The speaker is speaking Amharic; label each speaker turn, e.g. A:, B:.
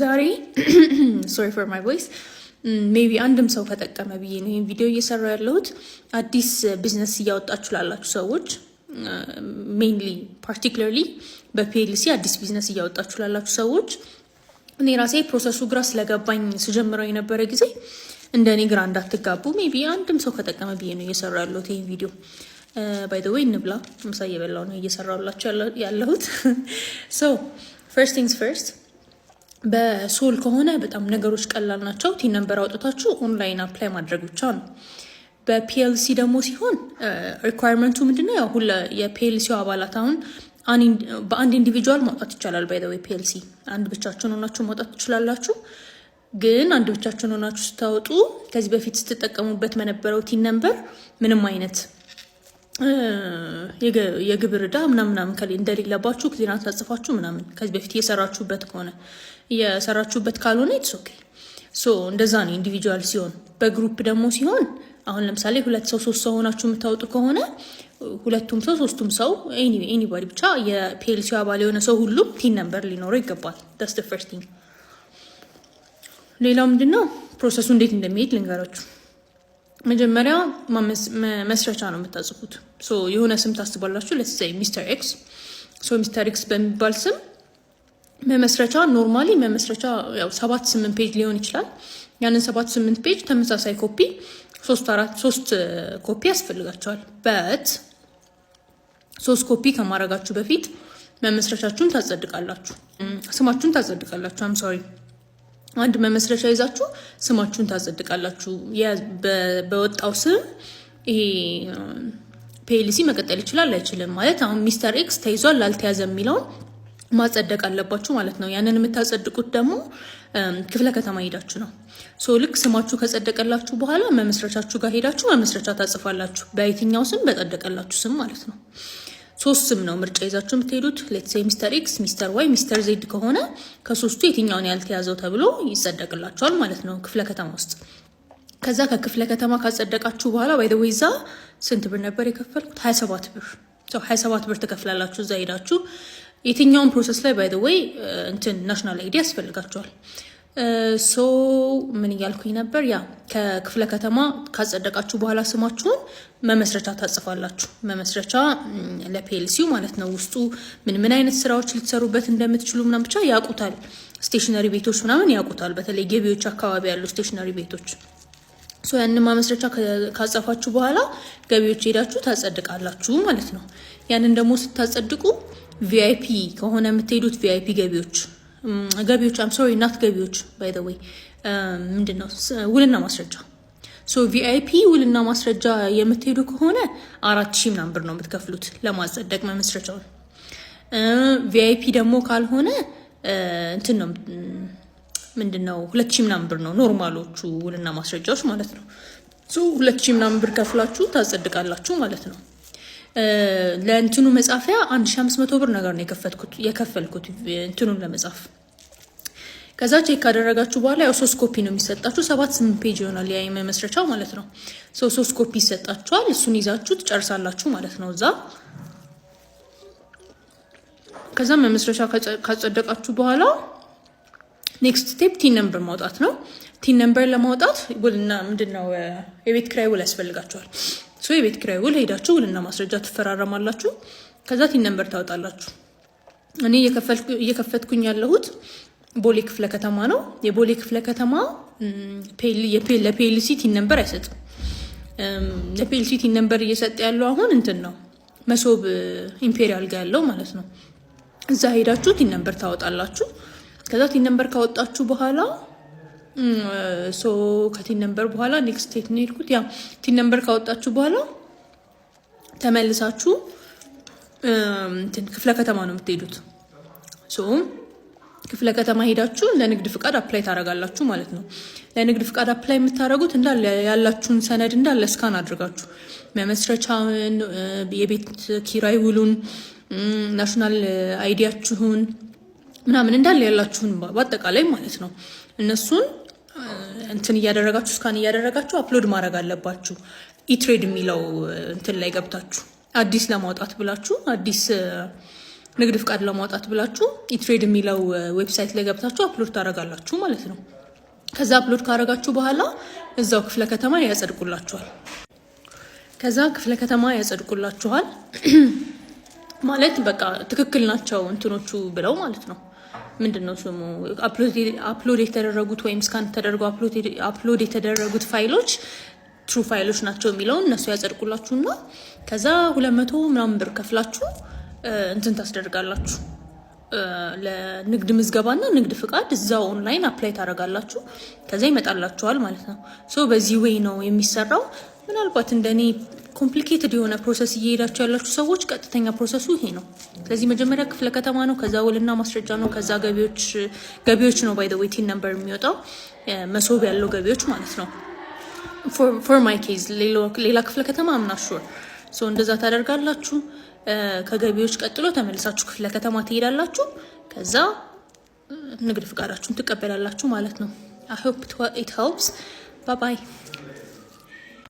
A: ዛሬ ሶሪ ፎር ማይ ቮይስ ሜቢ አንድም ሰው ከጠቀመ ብዬ ነው ይህን ቪዲዮ እየሰራ ያለሁት። አዲስ ቢዝነስ እያወጣችሁ ላላችሁ ሰዎች ሜይንሊ uh, ፓርቲኩለርሊ በፒኤልሲ አዲስ ቢዝነስ እያወጣችሁ ላላችሁ ሰዎች እኔ ራሴ ፕሮሰሱ ግራ ስለገባኝ ስጀምረው የነበረ ጊዜ እንደ እኔ ግራ እንዳትጋቡ ሜቢ አንድም ሰው ከጠቀመ ብዬ ነው እየሰራው ያለሁት ይህን ቪዲዮ። ባይ ዘ ዌይ እንብላ፣ ምሳ እየበላሁ ነው እየሰራሁላችሁ ያለሁት። ሶ ፈርስት ቲንግስ ፈርስት በሶል ከሆነ በጣም ነገሮች ቀላል ናቸው። ቲን ነንበር አውጥታችሁ ኦንላይን አፕላይ ማድረግ ብቻ ነው። በፒኤልሲ ደግሞ ሲሆን ሪኳርመንቱ ምንድነው? ያው ሁለ የፒኤልሲው አባላት አሁን በአንድ ኢንዲቪጁዋል ማውጣት ይቻላል። ባይ ዘ ፒኤልሲ አንድ ብቻችሁን ሆናችሁ ማውጣት ትችላላችሁ። ግን አንድ ብቻችሁን ሆናችሁ ስታወጡ ከዚህ በፊት ስትጠቀሙበት መነበረው ቲን ነንበር ምንም አይነት የግብር ዕዳ ምናምን ምናምን ከሌ እንደሌለባችሁ ክሊራንስ አጽፋችሁ ምናምን ከዚህ በፊት እየሰራችሁበት ከሆነ እየሰራችሁበት ካልሆነ ኢትስ ኦኬ። ሶ እንደዛ ነው ኢንዲቪጁዋል ሲሆን። በግሩፕ ደግሞ ሲሆን አሁን ለምሳሌ ሁለት ሰው ሶስት ሰው ሆናችሁ የምታወጡ ከሆነ ሁለቱም ሰው ሶስቱም ሰው ኤኒባዲ ብቻ የፒኤልሲ አባል የሆነ ሰው ሁሉም ቲን ነምበር ሊኖረው ይገባል። ስ ፈርስት ቲንግ። ሌላው ምንድነው ፕሮሰሱ እንዴት እንደሚሄድ ልንገራችሁ። መጀመሪያ መስረቻ ነው የምታጽፉት። የሆነ ስም ታስባላችሁ። ለስ ሚስተር ኤክስ ሚስተር ኤክስ በሚባል ስም መመስረቻ ኖርማሊ መመስረቻ ሰባት ስምንት ፔጅ ሊሆን ይችላል። ያንን ሰባት ስምንት ፔጅ ተመሳሳይ ኮፒ ሶስት ኮፒ ያስፈልጋቸዋል። በት ሶስት ኮፒ ከማድረጋችሁ በፊት መመስረቻችሁን ታጸድቃላችሁ፣ ስማችሁን ታጸድቃላችሁ። አምሳዊ አንድ መመስረቻ ይዛችሁ ስማችሁን ታጸድቃላችሁ። በወጣው ስም ይሄ ፒኤልሲ መቀጠል ይችላል አይችልም ማለት አሁን ሚስተር ኤክስ ተይዟል አልተያዘ የሚለውን ማጸደቅ አለባችሁ ማለት ነው። ያንን የምታጸድቁት ደግሞ ክፍለ ከተማ ሄዳችሁ ነው። ሶ ልክ ስማችሁ ከጸደቀላችሁ በኋላ መመስረቻችሁ ጋር ሄዳችሁ መመስረቻ ታጽፋላችሁ፣ በየትኛው ስም በጸደቀላችሁ ስም ማለት ነው። ሶስት ስም ነው ምርጫ ይዛችሁ የምትሄዱት። ሌትሴ ሚስተር ኤክስ፣ ሚስተር ዋይ፣ ሚስተር ዜድ ከሆነ ከሶስቱ የትኛውን ያልተያዘው ተብሎ ይጸደቅላቸዋል ማለት ነው ክፍለ ከተማ ውስጥ። ከዛ ከክፍለ ከተማ ካጸደቃችሁ በኋላ ባይዘወይ እዛ ስንት ብር ነበር የከፈልኩት? ሀያ ብር ሰው ብር ትከፍላላችሁ እዛ ሄዳችሁ የትኛውን ፕሮሰስ ላይ ባይዘወይ እንትን ናሽናል አይዲ ያስፈልጋቸዋል። ሶ ምን እያልኩኝ ነበር? ያ ከክፍለ ከተማ ካጸደቃችሁ በኋላ ስማችሁን መመስረቻ ታጽፋላችሁ። መመስረቻ ለፒኤልሲው ማለት ነው። ውስጡ ምን ምን አይነት ስራዎች ልትሰሩበት እንደምትችሉ ምናም ብቻ ያውቁታል። ስቴሽነሪ ቤቶች ምናምን ያውቁታል። በተለይ ገቢዎች አካባቢ ያሉ ስቴሽነሪ ቤቶች ሶ ያን ማመስረቻ ካጸፋችሁ በኋላ ገቢዎች ሄዳችሁ ታጸድቃላችሁ ማለት ነው። ያንን ደግሞ ስታጸድቁ ቪአይፒ ከሆነ የምትሄዱት ቪአይፒ ገቢዎች ገቢዎች አም ሶሪ ናት ገቢዎች ባይ ዘ ወይ ምንድን ነው ውልና ማስረጃ ሶ ቪአይፒ ውልና ማስረጃ የምትሄዱ ከሆነ አራት ሺህ ምናምን ብር ነው የምትከፍሉት ለማጸደቅ መመስረቻውን። ቪአይፒ ደግሞ ካልሆነ እንትን ነው ምንድን ነው ሁለት ሺህ ምናምን ብር ነው ኖርማሎቹ ውልና ማስረጃዎች ማለት ነው። ሁለት ሺህ ምናምን ብር ከፍላችሁ ታጸድቃላችሁ ማለት ነው። ለእንትኑ መጻፊያ አንድ ሺ አምስት መቶ ብር ነገር ነው የከፈትኩት የከፈልኩት እንትኑን ለመጻፍ። ከዛ ቼክ ካደረጋችሁ በኋላ ያው ሶስት ኮፒ ነው የሚሰጣችሁ። ሰባት ስምንት ፔጅ ይሆናል ያ የመመስረቻው ማለት ነው። ሰው ሶስት ኮፒ ይሰጣችኋል። እሱን ይዛችሁ ትጨርሳላችሁ ማለት ነው እዛ። ከዛ መመስረቻ ካጸደቃችሁ በኋላ ኔክስት ስቴፕ ቲን ነምበር ማውጣት ነው። ቲን ነምበር ለማውጣት ውልና ምንድን ነው የቤት ክራይ ውል ያስፈልጋችኋል። ሰው የቤት ኪራይ ውል ሄዳችሁ ውልና ማስረጃ ትፈራረማላችሁ። ከዛ ቲን ነምበር ታወጣላችሁ። እኔ እየከፈትኩኝ ያለሁት ቦሌ ክፍለ ከተማ ነው። የቦሌ ክፍለ ከተማ ለፒኤልሲ ቲን ነምበር አይሰጥም። ለፒኤልሲ ቲን ነምበር እየሰጠ ያለው አሁን እንትን ነው መሶብ ኢምፔሪያል ጋር ያለው ማለት ነው። እዛ ሄዳችሁ ቲን ነምበር ታወጣላችሁ። ከዛ ቲን ነምበር ካወጣችሁ በኋላ ሶ ከቲን ነንበር በኋላ ኔክስት ስቴት ነው የሄድኩት። ያ ቲን ነንበር ካወጣችሁ በኋላ ተመልሳችሁ ክፍለ ከተማ ነው የምትሄዱት። ሶ ክፍለ ከተማ ሄዳችሁ ለንግድ ፍቃድ አፕላይ ታደርጋላችሁ ማለት ነው። ለንግድ ፍቃድ አፕላይ የምታደርጉት እንዳለ ያላችሁን ሰነድ እንዳለ እስካን አድርጋችሁ መመስረቻውን፣ የቤት ኪራይ ውሉን፣ ናሽናል አይዲያችሁን ምናምን እንዳለ ያላችሁን በአጠቃላይ ማለት ነው እነሱን እንትን እያደረጋችሁ እስካን እያደረጋችሁ አፕሎድ ማድረግ አለባችሁ። ኢትሬድ የሚለው እንትን ላይ ገብታችሁ አዲስ ለማውጣት ብላችሁ አዲስ ንግድ ፍቃድ ለማውጣት ብላችሁ ኢትሬድ የሚለው ዌብሳይት ላይ ገብታችሁ አፕሎድ ታደርጋላችሁ ማለት ነው። ከዛ አፕሎድ ካደረጋችሁ በኋላ እዛው ክፍለ ከተማ ያጸድቁላችኋል። ከዛ ክፍለ ከተማ ያጸድቁላችኋል ማለት በቃ ትክክል ናቸው እንትኖቹ ብለው ማለት ነው። ምንድን ነው ስሙ አፕሎድ የተደረጉት ወይም ስካን ተደርገው አፕሎድ የተደረጉት ፋይሎች ትሩ ፋይሎች ናቸው የሚለውን እነሱ እና ከዛ ሁለት መቶ ምናምን ብር ከፍላችሁ እንትን ታስደርጋላችሁ ለንግድ ምዝገባና ንግድ ፍቃድ እዛው ኦንላይን አፕላይ ታደርጋላችሁ። ከዛ ይመጣላችኋል ማለት ነው። ሶ በዚህ ወይ ነው የሚሰራው። ምናልባት እንደኔ ኮምፕሊኬትድ የሆነ ፕሮሰስ እየሄዳችሁ ያላችሁ ሰዎች ቀጥተኛ ፕሮሰሱ ይሄ ነው። ስለዚህ መጀመሪያ ክፍለ ከተማ ነው፣ ከዛ ውልና ማስረጃ ነው፣ ከዛ ገቢዎች ነው። ባይ ዘ ዌይ ቲን ነምበር የሚወጣው መሶብ ያለው ገቢዎች ማለት ነው። ፎር ማይ ኬዝ ሌላ ክፍለ ከተማ አምናሹር እንደዛ ታደርጋላችሁ። ከገቢዎች ቀጥሎ ተመልሳችሁ ክፍለ ከተማ ትሄዳላችሁ። ከዛ ንግድ ፍቃዳችሁን ትቀበላላችሁ ማለት ነው። አይ ሆፕ ኢት ሄልፕስ ባይ